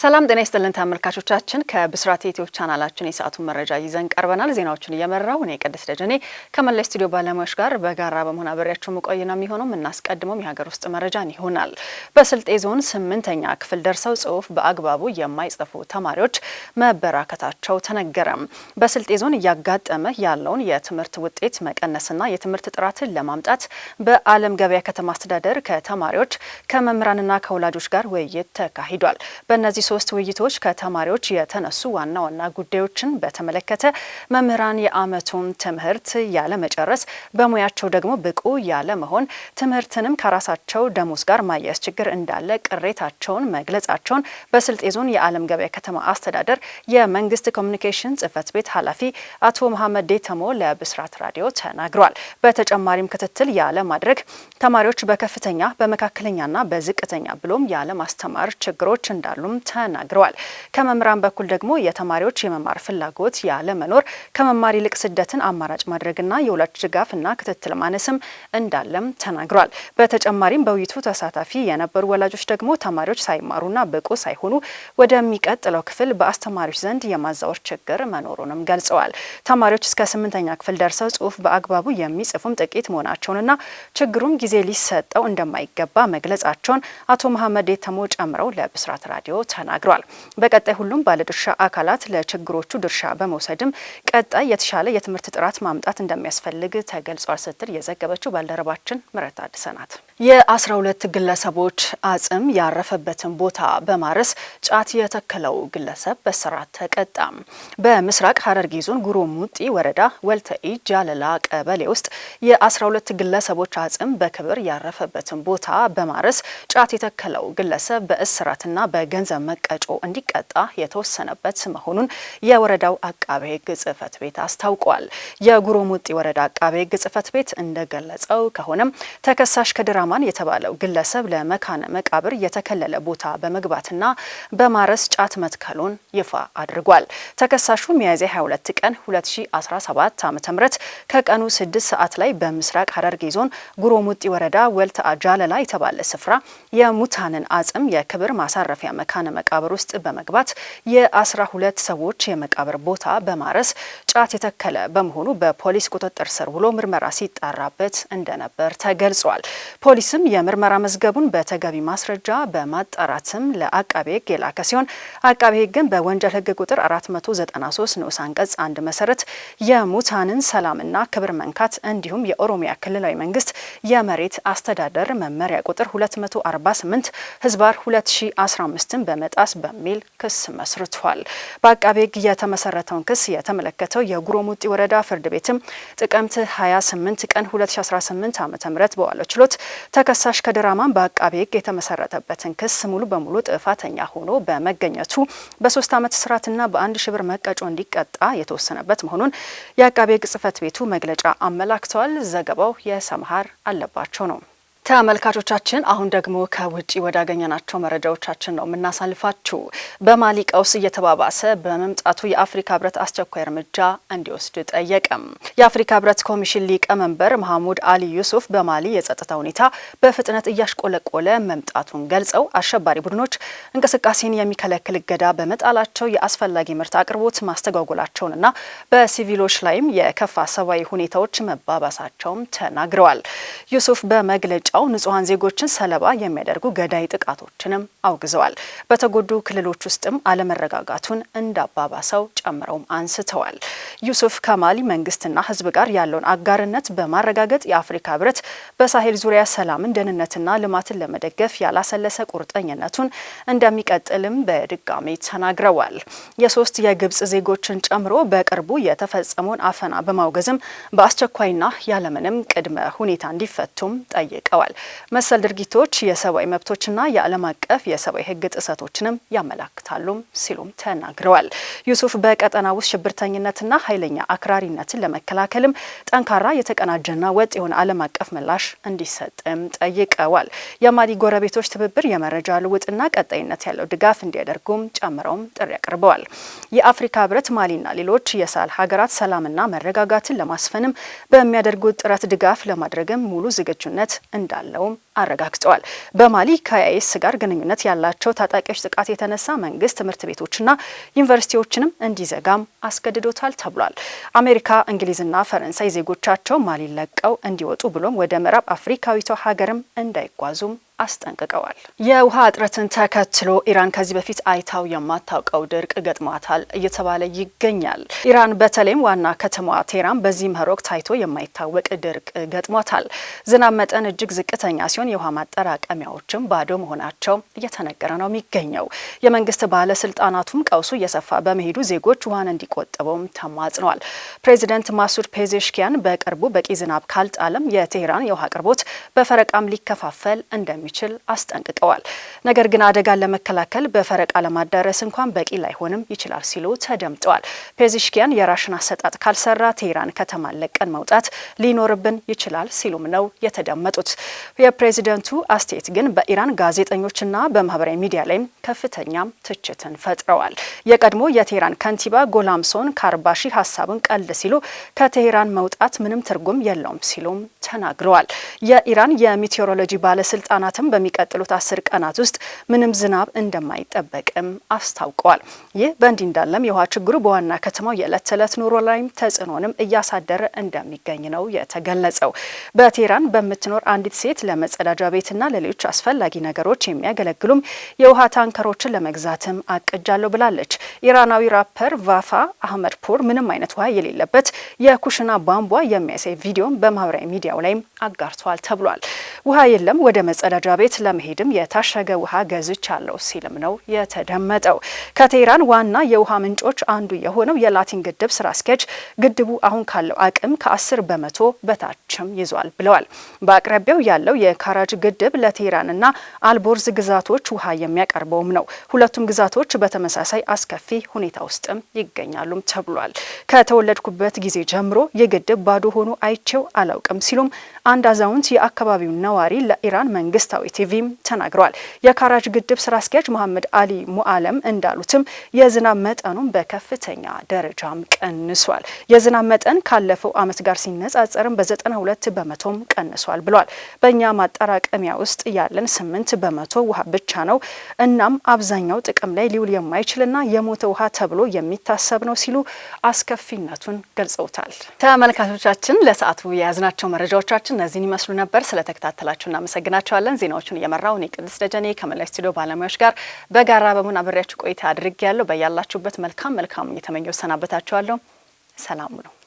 ሰላም ጤና ይስጥልን ተመልካቾቻችን፣ ከብስራት ዩቲዩብ ቻናላችን የሰዓቱን መረጃ ይዘን ቀርበናል። ዜናዎችን እየመራው እኔ ቅድስ ደጀኔ ከመላ ስቱዲዮ ባለሙያዎች ጋር በጋራ በመሆን አብሬያቸው መቆየና የሚሆነው እናስቀድመውም የሀገር ውስጥ መረጃን ይሆናል። በስልጤ ዞን ስምንተኛ ክፍል ደርሰው ጽሁፍ በአግባቡ የማይጽፉ ተማሪዎች መበራከታቸው ተነገረም። በስልጤ ዞን እያጋጠመ ያለውን የትምህርት ውጤት መቀነስና የትምህርት ጥራትን ለማምጣት በአለም ገበያ ከተማ አስተዳደር ከተማሪዎች ከመምህራንና ከወላጆች ጋር ውይይት ተካሂዷል። በእነዚህ ሶስት ውይይቶች ከተማሪዎች የተነሱ ዋና ዋና ጉዳዮችን በተመለከተ መምህራን የአመቱን ትምህርት ያለመጨረስ፣ በሙያቸው ደግሞ ብቁ ያለመሆን፣ ትምህርትንም ከራሳቸው ደሞዝ ጋር ማያያዝ ችግር እንዳለ ቅሬታቸውን መግለጻቸውን በስልጤ ዞን የዓለም ገበያ ከተማ አስተዳደር የመንግስት ኮሚኒኬሽን ጽህፈት ቤት ኃላፊ አቶ መሐመድ ዴተሞ ለብስራት ራዲዮ ተናግረዋል። በተጨማሪም ክትትል ያለማድረግ ተማሪዎች በከፍተኛ በመካከለኛና በዝቅተኛ ብሎም ያለማስተማር ችግሮች እንዳሉም ተናግረዋል። ከመምህራን በኩል ደግሞ የተማሪዎች የመማር ፍላጎት ያለመኖር ከመማር ይልቅ ስደትን አማራጭ ማድረግና የወላጅ ድጋፍና ክትትል ማነስም እንዳለም ተናግሯል በተጨማሪም በውይይቱ ተሳታፊ የነበሩ ወላጆች ደግሞ ተማሪዎች ሳይማሩና ብቁ ሳይሆኑ ወደሚቀጥለው ክፍል በአስተማሪዎች ዘንድ የማዛወር ችግር መኖሩንም ገልጸዋል። ተማሪዎች እስከ ስምንተኛ ክፍል ደርሰው ጽሁፍ በአግባቡ የሚጽፉም ጥቂት መሆናቸውንና ችግሩም ጊዜ ሊሰጠው እንደማይገባ መግለጻቸውን አቶ መሀመድ የተሞ ጨምረው ለብስራት ራዲዮ ተናግረዋል። ተናግረዋል። በቀጣይ ሁሉም ባለድርሻ አካላት ለችግሮቹ ድርሻ በመውሰድም ቀጣይ የተሻለ የትምህርት ጥራት ማምጣት እንደሚያስፈልግ ተገልጿል ስትል የዘገበችው ባልደረባችን ምረት አድሰናት የአስራ ሁለት ግለሰቦች አጽም ያረፈበትን ቦታ በማረስ ጫት የተከለው ግለሰብ በስራት ተቀጣም። በምስራቅ ሐረርጌ ዞን ጉሮ ሙጢ ወረዳ ወልተኢ ጃለላ ቀበሌ ውስጥ የ12 ግለሰቦች አጽም በክብር ያረፈበትን ቦታ በማረስ ጫት የተከለው ግለሰብ በእስራትና በገንዘብ መቀጮ እንዲቀጣ የተወሰነበት መሆኑን የወረዳው አቃቤ ሕግ ጽህፈት ቤት አስታውቋል። የጉሮ ሙጢ ወረዳ አቃቤ ሕግ ጽህፈት ቤት እንደገለጸው ከሆነም ተከሳሽ ከድራ ሰማን የተባለው ግለሰብ ለመካነ መቃብር የተከለለ ቦታ በመግባትና በማረስ ጫት መትከሉን ይፋ አድርጓል። ተከሳሹ ሚያዝያ 22 ቀን 2017 ዓ ም ከቀኑ 6 ሰዓት ላይ በምስራቅ ሐረርጌ ዞን ጉሮሙጢ ወረዳ ወልተ አጃለላ የተባለ ስፍራ የሙታንን አጽም የክብር ማሳረፊያ መካነ መቃብር ውስጥ በመግባት የ12 ሰዎች የመቃብር ቦታ በማረስ ጫት የተከለ በመሆኑ በፖሊስ ቁጥጥር ስር ውሎ ምርመራ ሲጣራበት እንደነበር ተገልጿል። ፖሊስም የምርመራ መዝገቡን በተገቢ ማስረጃ በማጣራትም ለአቃቤ ሕግ የላከ ሲሆን አቃቤ ሕግን በወንጀል ሕግ ቁጥር 493 ንዑስ አንቀጽ አንድ መሰረት የሙታንን ሰላምና ክብር መንካት እንዲሁም የኦሮሚያ ክልላዊ መንግስት የመሬት አስተዳደር መመሪያ ቁጥር 248 ህዝባር 2015ን በመጣስ በሚል ክስ መስርቷል። በአቃቤ ሕግ የተመሰረተውን ክስ የተመለከተው የጉሮሙጢ ወረዳ ፍርድ ቤትም ጥቅምት 28 ቀን 2018 ዓ ም በዋለው ችሎት ተከሳሽ ከደራማን በአቃቤ ሕግ የተመሰረተበትን ክስ ሙሉ በሙሉ ጥፋተኛ ሆኖ በመገኘቱ በሶስት ዓመት እስራትና በአንድ ሺ ብር መቀጮ እንዲቀጣ የተወሰነበት መሆኑን የአቃቤ ሕግ ጽሕፈት ቤቱ መግለጫ አመላክተዋል። ዘገባው የሰምሃር አለባቸው ነው። ተመልካቾቻችን አሁን ደግሞ ከውጭ ወዳገኘናቸው መረጃዎቻችን ነው የምናሳልፋችሁ። በማሊ ቀውስ እየተባባሰ በመምጣቱ የአፍሪካ ህብረት አስቸኳይ እርምጃ እንዲወስድ ጠየቀም። የአፍሪካ ህብረት ኮሚሽን ሊቀመንበር መሐሙድ አሊ ዩሱፍ በማሊ የጸጥታ ሁኔታ በፍጥነት እያሽቆለቆለ መምጣቱን ገልጸው አሸባሪ ቡድኖች እንቅስቃሴን የሚከለክል እገዳ በመጣላቸው የአስፈላጊ ምርት አቅርቦት ማስተጓጎላቸውንና በሲቪሎች ላይም የከፋ ሰብአዊ ሁኔታዎች መባባሳቸውም ተናግረዋል። ዩሱፍ በመግለጫ መግለጫው ንጹሐን ዜጎችን ሰለባ የሚያደርጉ ገዳይ ጥቃቶችንም አውግዘዋል። በተጎዱ ክልሎች ውስጥም አለመረጋጋቱን እንዳባባሰው ጨምረውም አንስተዋል። ዩሱፍ ከማሊ መንግስትና ህዝብ ጋር ያለውን አጋርነት በማረጋገጥ የአፍሪካ ህብረት በሳሄል ዙሪያ ሰላምን፣ ደህንነትና ልማትን ለመደገፍ ያላሰለሰ ቁርጠኝነቱን እንደሚቀጥልም በድጋሚ ተናግረዋል። የሶስት የግብጽ ዜጎችን ጨምሮ በቅርቡ የተፈጸመውን አፈና በማውገዝም በአስቸኳይና ያለምንም ቅድመ ሁኔታ እንዲፈቱም ጠይቀዋል። ገልጸዋል። መሰል ድርጊቶች የሰብአዊ መብቶችና የዓለም አቀፍ የሰብአዊ ሕግ ጥሰቶችንም ያመላክታሉም ሲሉም ተናግረዋል። ዩሱፍ በቀጠና ውስጥ ሽብርተኝነትና ኃይለኛ አክራሪነትን ለመከላከልም ጠንካራ የተቀናጀና ወጥ የሆነ ዓለም አቀፍ ምላሽ እንዲሰጥም ጠይቀዋል። የማሊ ጎረቤቶች ትብብር የመረጃ ልውውጥና ቀጣይነት ያለው ድጋፍ እንዲያደርጉም ጨምረውም ጥሪ አቅርበዋል። የአፍሪካ ህብረት ማሊና ሌሎች የሳል ሀገራት ሰላምና መረጋጋትን ለማስፈንም በሚያደርጉት ጥረት ድጋፍ ለማድረግም ሙሉ ዝግጁነት እንዳ እንዳለውም አረጋግጠዋል። በማሊ ከአይኤስ ጋር ግንኙነት ያላቸው ታጣቂዎች ጥቃት የተነሳ መንግስት ትምህርት ቤቶችና ዩኒቨርሲቲዎችንም እንዲዘጋም አስገድዶታል ተብሏል። አሜሪካ፣ እንግሊዝና ፈረንሳይ ዜጎቻቸው ማሊ ለቀው እንዲወጡ ብሎም ወደ ምዕራብ አፍሪካዊቷ ሀገርም እንዳይጓዙም አስጠንቅቀዋል። የውሃ እጥረትን ተከትሎ ኢራን ከዚህ በፊት አይታው የማታውቀው ድርቅ ገጥሟታል እየተባለ ይገኛል። ኢራን በተለይም ዋና ከተማዋ ቴህራን በዚህ መኸር ወቅት ታይቶ የማይታወቅ ድርቅ ገጥሟታል። ዝናብ መጠን እጅግ ዝቅተኛ ሲሆን የውሃ ማጠራቀሚያዎችም ባዶ መሆናቸው እየተነገረ ነው የሚገኘው። የመንግስት ባለስልጣናቱም ቀውሱ እየሰፋ በመሄዱ ዜጎች ውሃን እንዲቆጥበውም ተማጽነዋል። ፕሬዚደንት ማሱድ ፔዜሽኪያን በቅርቡ በቂ ዝናብ ካልጣለም የቴህራን የውሃ አቅርቦት በፈረቃም ሊከፋፈል እንደሚ እንደሚችል አስጠንቅቀዋል። ነገር ግን አደጋን ለመከላከል በፈረቃ ለማዳረስ እንኳን በቂ ላይሆንም ይችላል ሲሉ ተደምጠዋል። ፔዚሽኪያን የራሽን አሰጣጥ ካልሰራ ቴህራን ከተማን ለቀን መውጣት ሊኖርብን ይችላል ሲሉም ነው የተደመጡት። የፕሬዚደንቱ አስተያየት ግን በኢራን ጋዜጠኞችና በማህበራዊ ሚዲያ ላይም ከፍተኛም ትችትን ፈጥረዋል። የቀድሞ የቴህራን ከንቲባ ጎላምሶን ካርባሺ ሀሳቡን ቀልድ ሲሉ ከቴህራን መውጣት ምንም ትርጉም የለውም ሲሉም ተናግረዋል። የኢራን የሚቴዎሮሎጂ ባለስልጣናት ምክንያትም በሚቀጥሉት አስር ቀናት ውስጥ ምንም ዝናብ እንደማይጠበቅም አስታውቀዋል። ይህ በእንዲህ እንዳለም የውሃ ችግሩ በዋና ከተማው የዕለት ተዕለት ኑሮ ላይም ተጽዕኖንም እያሳደረ እንደሚገኝ ነው የተገለጸው። በቴህራን በምትኖር አንዲት ሴት ለመጸዳጃ ቤትና ለሌሎች አስፈላጊ ነገሮች የሚያገለግሉም የውሃ ታንከሮችን ለመግዛትም አቅጃለሁ ብላለች። ኢራናዊ ራፐር ቫፋ አህመድ ፖር ምንም አይነት ውሃ የሌለበት የኩሽና ቧንቧ የሚያሳይ ቪዲዮም በማህበራዊ ሚዲያው ላይም አጋርተዋል ተብሏል። ውሃ የለም ወደ መጸዳጃ መጸዳጃ ቤት ለመሄድም የታሸገ ውሃ ገዝቻለሁ ሲልም ነው የተደመጠው። ከቴህራን ዋና የውሃ ምንጮች አንዱ የሆነው የላቲን ግድብ ስራ አስኪያጅ ግድቡ አሁን ካለው አቅም ከ10 በመቶ በታችም ይዟል ብለዋል። በአቅራቢያው ያለው የካራጅ ግድብ ለቴህራንና አልቦርዝ ግዛቶች ውሃ የሚያቀርበውም ነው። ሁለቱም ግዛቶች በተመሳሳይ አስከፊ ሁኔታ ውስጥም ይገኛሉም ተብሏል። ከተወለድኩበት ጊዜ ጀምሮ የግድብ ባዶ ሆኖ አይቼው አላውቅም ሲሉም አንድ አዛውንት የአካባቢውን ነዋሪ ለኢራን መንግስት ለሳዊ ቲቪም ተናግረዋል። የካራጅ ግድብ ስራ አስኪያጅ መሐመድ አሊ ሙአለም እንዳሉትም የዝናብ መጠኑም በከፍተኛ ደረጃም ቀንሷል። የዝናብ መጠን ካለፈው አመት ጋር ሲነጻጸርም በ92 በመቶም ቀንሷል ብሏል። በእኛ ማጠራቀሚያ ውስጥ ያለን 8 በመቶ ውሃ ብቻ ነው። እናም አብዛኛው ጥቅም ላይ ሊውል የማይችልና የሞተ ውሃ ተብሎ የሚታሰብ ነው ሲሉ አስከፊነቱን ገልጸውታል። ተመልካቾቻችን ለሰዓቱ የያዝናቸው መረጃዎቻችን እነዚህን ይመስሉ ነበር። ስለተከታተላችሁ እናመሰግናቸዋለን። ዜናዎቹን እየመራው እኔ ቅድስት ደጀኔ ከመላይ ስቱዲዮ ባለሙያዎች ጋር በጋራ በመሆን አብሬያችሁ ቆይታ አድርጌ ያለሁ። በያላችሁበት መልካም መልካም እየተመኘው ሰናበታችኋለሁ። ሰላም ነው።